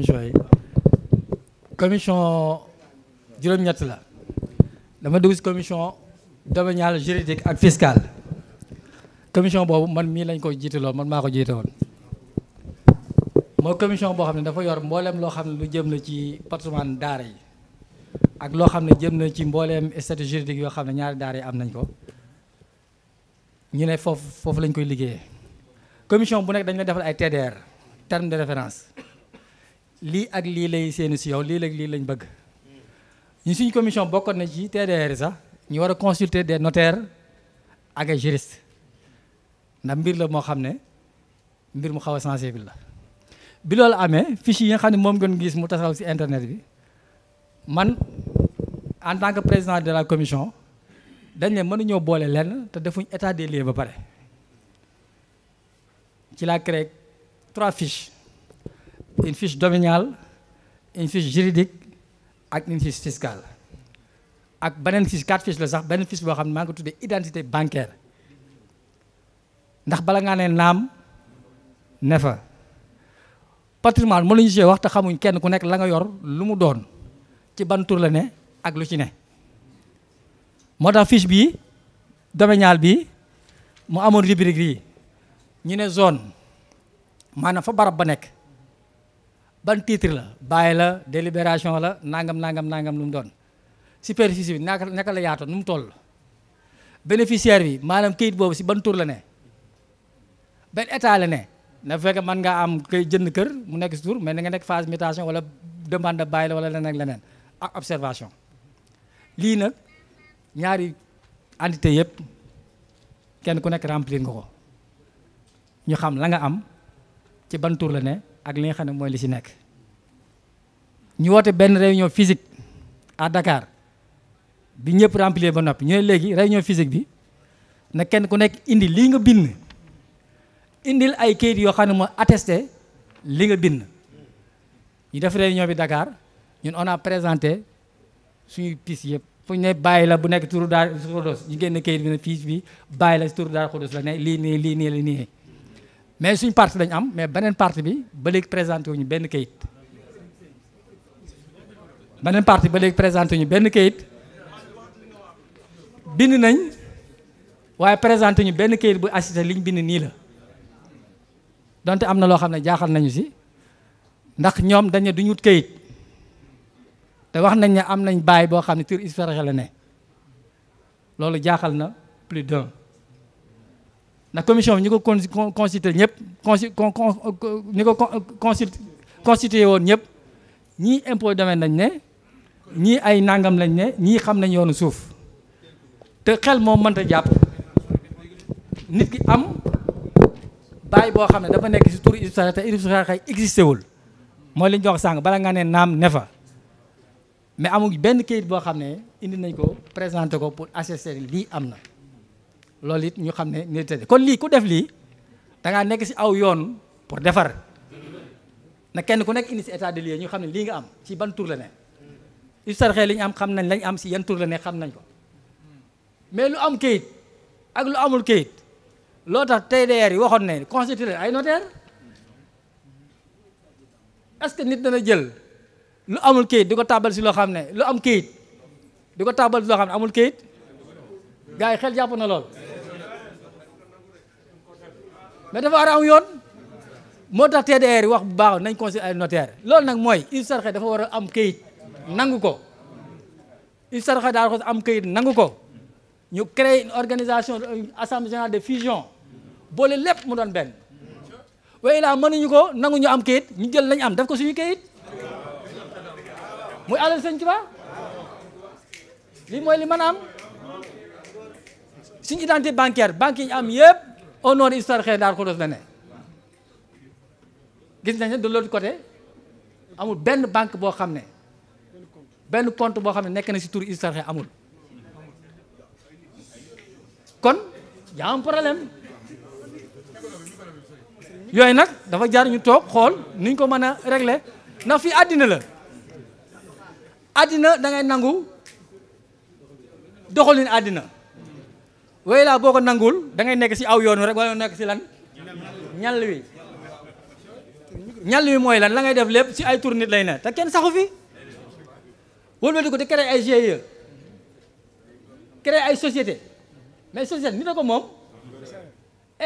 commission yi commission juróom-ñett la dama dugg si commission domaniale juridique ak fiscale commission boobu man mii lañ ko jiitaloo man maa ko jiite woon mooy commission boo xam ne dafa yor mbooleem loo xam ne lu jëm la ci patrimoine daara yi ak loo xam ne jëm na ci mbooleem statut juridique yoo xam ne ñaari daara yi am nañ ko ñu ne foofu foofu lañ koy liggéeyee commission bu nekk dañ la defal ay TDR terme de référence lii ak lii lay seeni si yow lii ak lii lañ bëgg ñu suñ commission bokkoon na ci TDR sax ñu war a consulter des notaires ak ay juristes ndax mbir la moo xam ne mbir mu xaw a sensible la bi loolu amee fiche yi nga xam ne moom ngeen gis mu tasaw si internet bi man en tant que président de la commission dañ ne mënuñoo boole lenn te defuñ état des lieux ba pare ci laa créé trois fiches une fiche domaniale une fiche juridique ak une fiche fiscale ak beneen fiche quatre fiche la sax beneen fiche boo xam ne maa ngi ko tuddee identité bancaire ndax bala ngaa ne naam ne fa patrimoine moo la ñu see wax te xamuñ kenn ku nekk la nga yor lu mu doon ci ban la ne ak lu ci ne moo tax fiche bii domaniale bi mu amoon rubrique yi ñu ne zone maanaam fa barab ba nekk ban titre la bàyyi la délibération la nangam nangam nangam lu mu doon superficie bi naka naka la yaatoon nu mu toll bénéficiaire bi maanaam këyit boobu si ban tour la ne benn état la ne na fekk man ngaa am kay jënd kër mu nekk si tur mais na nga nekk phase mutation wala demande de bail la wala leneen ak leneen ak observation lii nag ñaari entité yëpp kenn ku nekk remplir nga ko ñu xam la nga am ci ban tur la ne ak li nga xam ne mooy li ci nekk ñu woote benn réunion physique à dakaar bi ñëpp remplir ba noppi ñu ne léegi réunion physique bi na kenn ku nekk indi lii nga bind indil ay kayit yoo xam ne mooy attesté li nga bind ñu def réunion bi Dakar ñun on a présenté suñu piste yëpp fu ñu ne bàyyi la bu nekk turu daal xudos ñu génn kayit bi ne fii bi bàyyi la turu daal xudos la ne lii nii lii nii la nii mais suñ parti lañ am mais beneen parti bi ba léegi présenté wuñu benn kayit beneen parti ba léegi présenté ñu benn kayit bind nañ waaye présenté ñu benn kayit bu assisté liñ bind nii la donte am na loo xam ne jaaxal nañu si ndax ñoom dañ duñu wut kayit te wax nañ ne am nañ baay boo xam ne tur israélien la ne loolu jaaxal na plus d'un ndax commission bi ñu ko con consulté ñëpp consi con ñu ko consulté constitué woon ñëpp ñii impôt domaine nañ ne ñii ay nangam lañ ne ñii xam nañ yoonu suuf te xel moom mënta jàpp nit ki am bàyyi boo xam ne dafa nekk si turu illustrateur te illustrateur wul mooy li jox wax sànq bala nga ne naam ne fa mais amul benn kayit boo xam ne indi nañ ko présenté ko pour assister lii am na. loolu it ñu xam ne nit kon lii ku def lii da nekk si aw yoon pour defar na kenn ku nekk indi si état de lieu ñu xam ne lii nga am si ban tur la ne istarxee li ñu am xam nañ lañ am si yan tur la ne xam nañ ko mais lu am kayit ak lu amul kayit loo tax TDR yi waxoon ne constitué ay notaire est-ce que nit dana jël lu amul kayit di ko tàbbal si loo xam ne lu am kayit di ko tàbbal si loo xam ne amul kayit gars yi xel jàpp na lool mais dafa war a am yoon moo tax TDR wax bu baax nañ conseil ay notaire loolu nag mooy il sarxe dafa war a am këyit nangu ko il sarxe daal ko am këyit nangu ko ñu créer organisation une assemblée générale de fusion boole lépp mu doon benn waaye laa mënuñu ko nangu ñu am këyit ñu jël lañ am def ko suñu këyit muy alal sëñ Tuubaa lii mooy li mën am suñu identité bancaire banque yi ñu am yëpp au nord histoire xëy daar Xuddoos la ne gis nañ ne de l'autre côté amul benn banque boo xam ne benn compte boo xam ne nekk nañ si tur histoire xëy amul kon y a problème yooyu nag dafa jaar ñu toog xool nuñ ko mën a régle ndax fii àddina la àddina da ngay nangu doxalin àddina way laa boo ko nangul dangay nekk si aw yoon rek wala nekk si lan ñal wi ñal wi mooy lan la ngay def lépp si ay tour lay ne te kenn saxu fi wëlbati ko te créé ay GIE créé ay société mais société nit a ko moom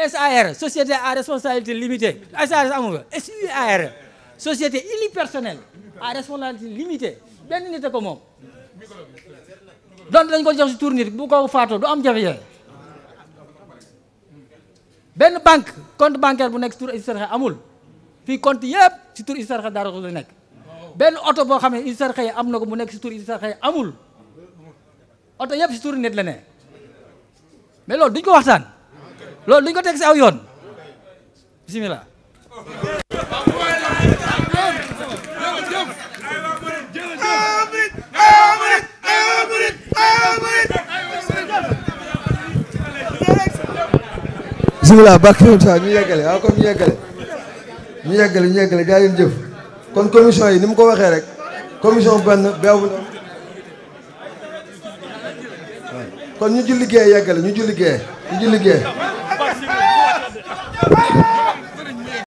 SAR société à responsabilité limitée SAR amu fa société unipersonnelle à responsabilité benn nit a ko moom donc dañ ko jox si tour nit bu ko faatoo du am jafe-jafe benn banque compte bancaire bu nekk si tur Hizbut Tarqiyyah amul fii compte yëpp si tur Hizbut Tarqiyyah Daaru Xudoos la nekk benn oto boo xam ne Hizbut Tarqiyyah am na ko bu nekk si tur Hizbut Tarqiyyah amul oto yëpp si tur nit la ne mais loolu duñ ko waxtaan loolu duñ ko teg si aw yoon bisimilah. bisimilah barke Moussa ñu yeggale waaw kon ñu yeggale ñu yeggale ñu yeggale jaa leen jëf kon commission yi ni mu ko waxee rek commission benn beewu na kon ñu julli gee yeggale ñu julli gee ñu julli gee